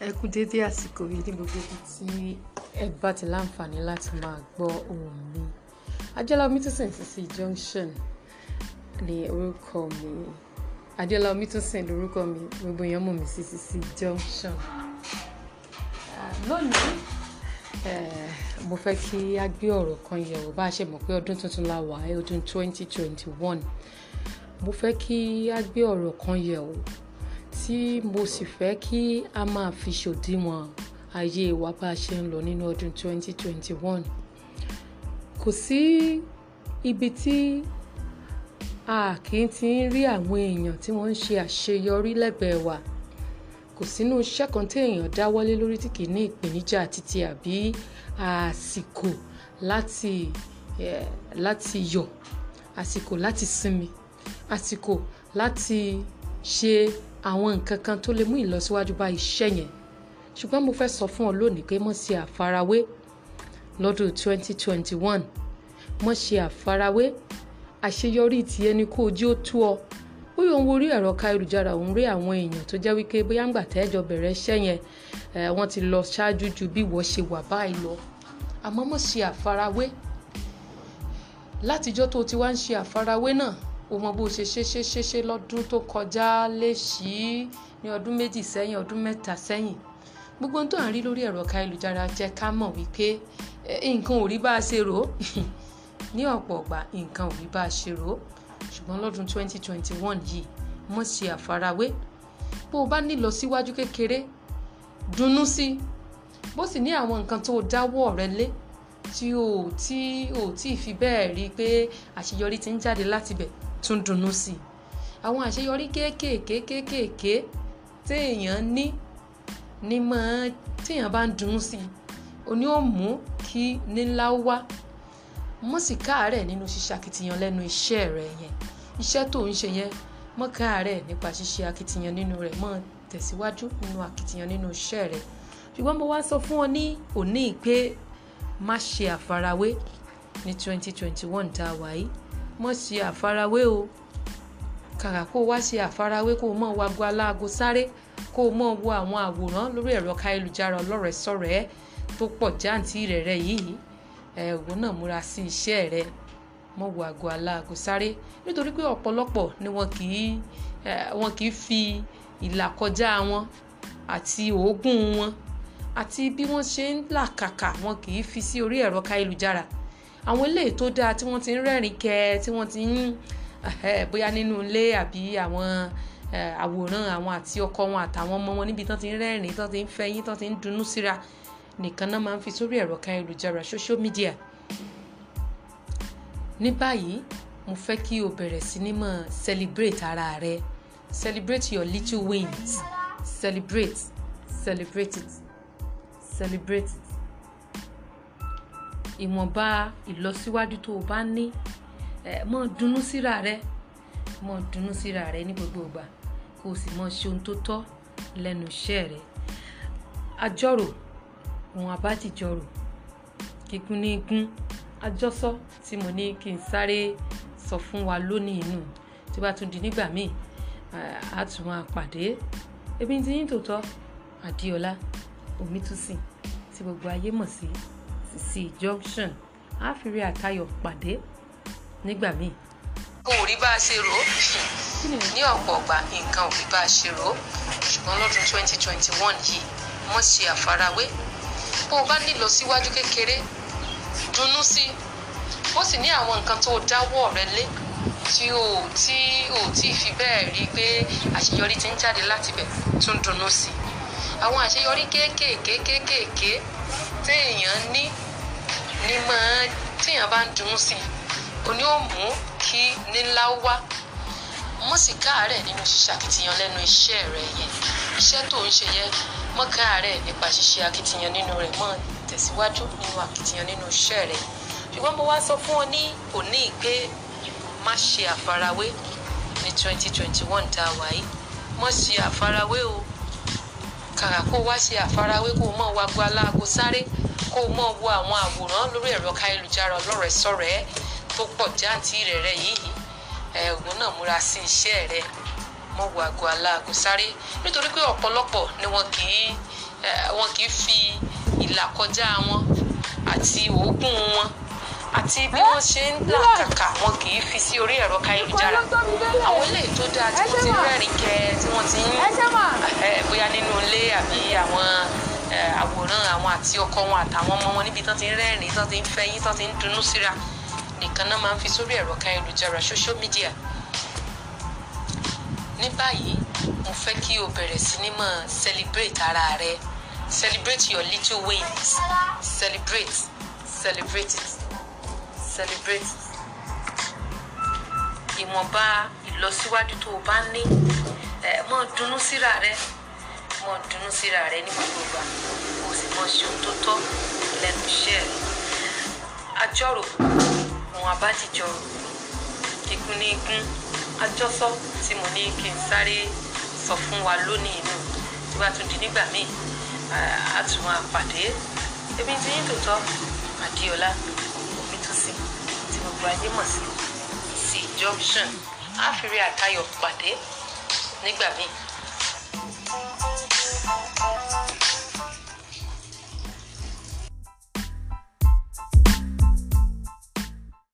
Ẹ kú dédé àsìkò yìí ní gbogbo ibi tí ẹ bá ti láǹfààní láti máa gbọ́ ohùn mi. Adéọlá Omítúnsìn ti sí Junction ní orúkọ mi. Adéọlá Omítúnsìn lórúkọ mi, gbogbo èèyàn mọ̀ mí sí sí Junction. Lónìí, mo fẹ́ kí a gbé ọ̀rọ̀ kan yẹ̀wò bá a ṣe mọ̀ pé ọdún tuntun la wà, ọdún 2021. Mo fẹ́ kí a gbé ọ̀rọ̀ kan yẹ̀wò tí mo sì fẹ́ kí a máa fi ṣòdiwọ̀n ayé wa bá a ṣe ń lọ nínú ọdún 2021 kò sí ibi tí a kì í ti ń rí àwọn èèyàn tí wọ́n ń ṣe àṣeyọrí lẹ́gbẹ̀ẹ́ wa kò sínú iṣẹ́ kan tí èèyàn dáwọ́lé lórí tí kì í ní ìpèníjà títí àbí àsìkò láti láti yọ̀ àsìkò láti sinmi àsìkò láti ṣe àwọn nǹkan kan tó lè mú ìlọsíwájú bá iṣẹ́ yẹn ṣùgbọ́n mo fẹ́ sọ fún ọ lónìí pé mo ṣe àfarawé lọ́dún 2021 mo ṣe àfarawé àṣeyọrí ti ẹni kó ojú ó tú ọ ó yóò ń wo orí ẹ̀rọ ká ayélujára òun rí àwọn èèyàn tó jẹ́ wípé bóyá ń gbà tẹ́jọ bẹ̀rẹ̀ iṣẹ́ yẹn wọ́n ti lọ ṣáájú ju bí wọ́n ṣe wà báyìí lọ àmọ́ mo ṣe àfarawé látijọ́ tó ti wá ń ṣe àfarawé náà o mọ bó ṣe ṣe ṣe ṣe ṣe lọ́dún tó kọjá léṣì ní ọdún méjì sẹ́yìn ọdún mẹ́ta sẹ́yìn gbogbo ohun à ń rí lórí ẹ̀rọ káyélujára jẹ́ ká mọ̀ wípé nǹkan ò rí bá a ṣe rò ó ní ọ̀pọ̀ ọ̀gbà nǹkan ò rí bá a ṣe rò ó ṣùgbọ́n lọ́dún 2021 yìí mọ̀ ṣe àfarawé bó o bá nílọ síwájú kékeré dunnú sí bó sì ní àwọn nǹkan tó dáwọ́ rẹ lé tí o tí o tí fi bẹ́ẹ̀ rí i pé àṣeyọrí ti ń jáde láti bẹ̀ tún dunnú sí i àwọn àṣeyọrí kéékèèké kéékèèké téèyàn ní ní máa téèyàn bá ń dunnú sí i òní ò mú kí nílá wá mọ sì káàárẹ̀ nínú ṣíṣe akitiyan lẹ́nu iṣẹ́ rẹ yẹn iṣẹ́ tó ń ṣe yẹn mọ káàárẹ̀ nípa ṣíṣe akitiyan nínú rẹ mọ tẹ̀síwájú nínú akitiyan nínú iṣẹ́ rẹ ṣùgbọ́n mo wá sọ fún ọ ní òní pé má ṣe àfarawé ní 2021 tá a wà yìí mọ̀ ṣe àfarawé o kàkà kó o wá ṣe àfarawé kó o mọ̀ wá gba aláago sáré kó o mọ̀ wo àwọn àwòrán lórí ẹ̀rọ káyélujára ọlọ́rẹ̀ẹ́ sọ̀rẹ́ tó pọ̀ jáǹtì rẹ̀ rẹ̀ yìí ẹ̀ òun náà múra sí iṣẹ́ rẹ̀ mọ̀ wo àgọ́ aláago sáré nítorí pé ọ̀pọ̀lọpọ̀ ni wọn kì wọn kì í fi ìlà kọjá wọn àti òógùn wọn àti bí wọ́n ṣe ń làkàkà wọn kì í fi sí orí ẹ̀rọ káyélujára àwọn eléyìí tó dáa tí wọ́n ti ń rẹ́rìn kẹ tí wọ́n ti ń bóyá nínú ilé àbí àwọn àwòrán àwọn àti ọkọ wọn àtàwọn ọmọ wọn níbi tán ti ń rẹ́rìn tán ti ń fẹyín tán ti ń dunnú síra nìkan náà máa ń fi sórí ẹ̀rọ kan ayélujára social media ní báyìí mo fẹ́ kí o bẹ̀rẹ̀ sí ní mọ̀ celebrate ara rẹ celebrate your little wins celebrate celebrate it celebrate it ìwọ̀nba ìlọsíwájú tó o bá ní mọ dunnú síra rẹ mọ dunnú síra rẹ ní gbogbo ìgbà kó o sì mọ ṣe ohun tó tọ́ lẹ́nu iṣẹ́ rẹ àjọrò òun àbájìjọrò kíkún ní igun àjọsọ tí mo ní kí n sáré sọ fún wa lónìí inú tí bá tún di nígbà míì a pàdé ebi ti yín tòótọ́ àdìọ́lá omítúsìn tí gbogbo ayé mọ̀ sí c junction á fi rí àtayọ̀ pàdé nígbà míì. kò rí bá a ṣe rò ó ní ọ̀pọ̀ ọ̀gbà nǹkan ò rí bá a ṣe rò ó ṣùgbọ́n lọ́dún 2021 yìí wọ́n ṣe àfarawé bó o bá nílò síwájú kékeré dunnú sí ó sì ní àwọn nǹkan tó dáwọ́ rẹ lé tí o tí o tí fi bẹ́ẹ̀ rí i pé àṣeyọrí ti ń jáde láti bẹ̀ tún dunnú sí àwọn àṣeyọrí kéékèèké kéékèèké téèyàn ní ni máa tíyàn bá ń dùn sí i òní ò mú kí nílá wá mọ́ sì káàárẹ̀ nínú ṣíṣe akitiyan lẹ́nu iṣẹ́ rẹ yẹn iṣẹ́ tó ń ṣe yẹn mọ́ káàárẹ̀ nípa ṣíṣe akitiyan nínú rẹ̀ mọ́ tẹ̀síwájú nínú akitiyan nínú iṣẹ́ rẹ ṣùgbọ́n mo wá sọ fún ọ ní òní pé má ṣe àfarawé ní twenty twenty one tá a wà yìí ṣe àfarawé o kàkà kó wá ṣe àfarawé kó mọ̀ wá gba aláàgó sáré kó mọ̀ wo àwọn àwòrán lórí ẹ̀rọ káyélujára ọlọ́rẹ̀ sọ̀rọ̀ ẹ́ tó pọ̀ jáǹtì rẹ̀ rẹ̀ yìí ẹ̀gbọ́n náà múra sí iṣẹ́ rẹ̀ mọ̀ wo àgọ́ sáré nítorí pé ọ̀pọ̀lọpọ̀ ni wọn kì í wọn kì í fi ìlà kọjá wọn àti òógùn wọn àti bí wọ́n ṣe ń là kàkà wọn kì í fi sí orí ẹ̀rọ káyélujára àwọn ilé tó dáa tí wọ́n ti ń rẹ́rìn kẹ́ tí wọ́n ti ń eh, bóyá nínú ilé àbí àwọn eh, àwòrán àwọn àti ọkọ wọn àtàwọn ọmọ wọn níbi tán ti rẹ́rìn tán ti ń fẹyín tán ti ń dunnú síra nìkan náà máa ń fi sórí ẹ̀rọ káyélujára social media ní báyìí mo fẹ́ kí o bẹ̀rẹ̀ sí ní mọ̀ celebrate ara rẹ celebrate your little wins celebrate celebrate it celebrate ìwọ̀nba ìlọsíwájú tó o bá ní ẹ mọ́ dunnú síra rẹ mọ́ dunnú síra rẹ ní gbogbo ìgbà o sì mọ́ ṣe ohun tó tọ́ lẹ́nu iṣẹ́ rẹ àjọrò òun àbájíjọrò igun ní igun àjọsọ tí mo ní kí n sáré sọ fún wa lónìí nù tí wàá tún di nígbà míì a tún máa pàdé ebi tí yín tòótọ́ Adéọlá gbogbo ajé mọ̀ sí sí junction á fi rí àtayọ̀ pàdé nígbà míì.